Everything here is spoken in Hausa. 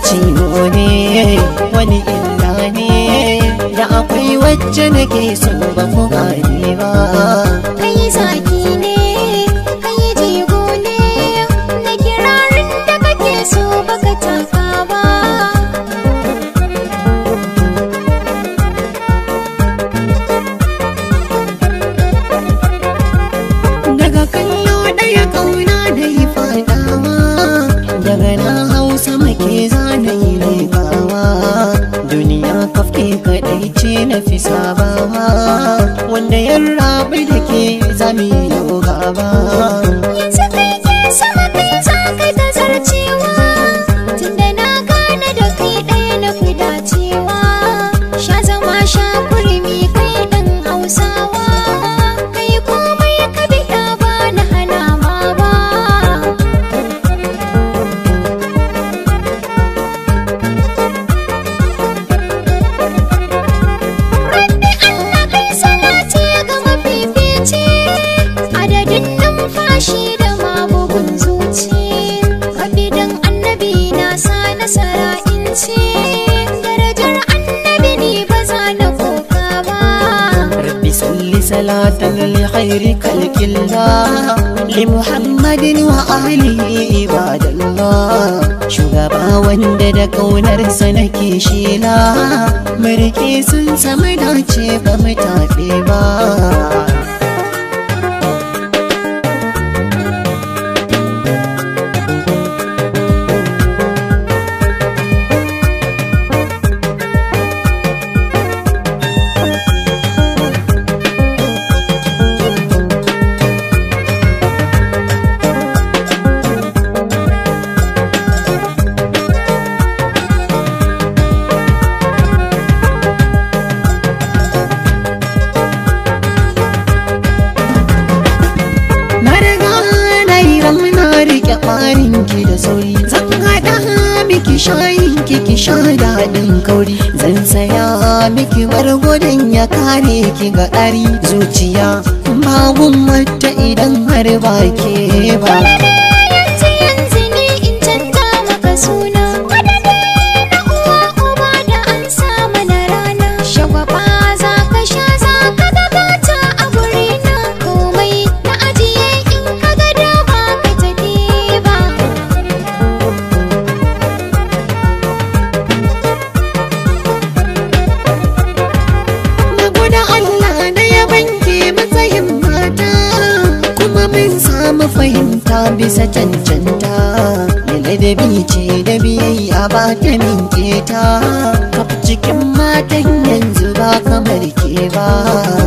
wuce ne wani illa ne da akwai wacce nake so ba ku gane ba kai zaki ne ke zana yi kawa duniya kafke kaɗai ce na fi sabawa wanda yan rabu da ke zami yau gaba kasara in ce darajar annabi ne ba za na koka ba rabbi salli salatan lil khairi kalkilla li muhammadin wa ahlihi ibadallah shugaba wanda da ƙaunarsa nake shila marke sun sami dace ba mu tafe ba labarin da sauri zan haɗa miki shayin ki ki sha daɗin kauri zan saya miki bargudan ya kare ki ga ɗari zuciya ba gummata idan har ba ke ba Allah da ya banke matsayin mata kuma mun samu fahimta bisa cancanta da ladabi ce da biyayya ba ta minke ta cikin matan yanzu ba kamar ke ba